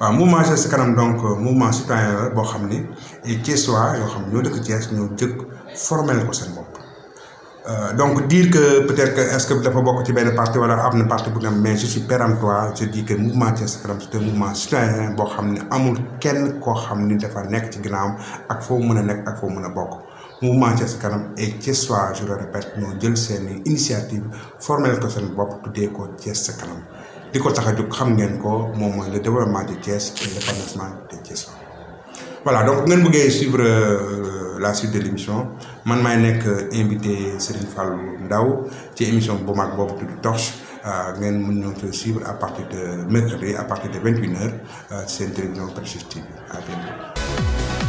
waaw mouvement Thiès si kanam donc euh, mouvement citoyen boo xam ni ay Thiessois yoo xam ñoo dëkk Thiès ñoo jëkk formel ko seen bopp. Euh, donc dire que peut-être que dafa bokk ci benn parti wala am na parti bu ngeen mais je suis péremptoire je dis que mouvement Thiès si boo xam ne amul kenn koo xam ni dafa nekk ci ginnaawam ak foo mën a nekk ak foo mën a bokk. mouvement Thiès si kanam et Thiessois je le jël seen initiative formel ko seen bopp tuddee ko Thiès si kanam. Et ko a jóg xam ngeen ko le développement de Thiès et le financement de Thiès voilà donc ngeen bëggee suivre euh, la suite de l'émission man maay nekk euh, invité Serigne qui Ndaw ci émission bu mag boobu tudd Torche euh, ngeen mën ñoo suivre à partir de mercredi à partir de 21h, une heures seen télévision Prestige à bientôt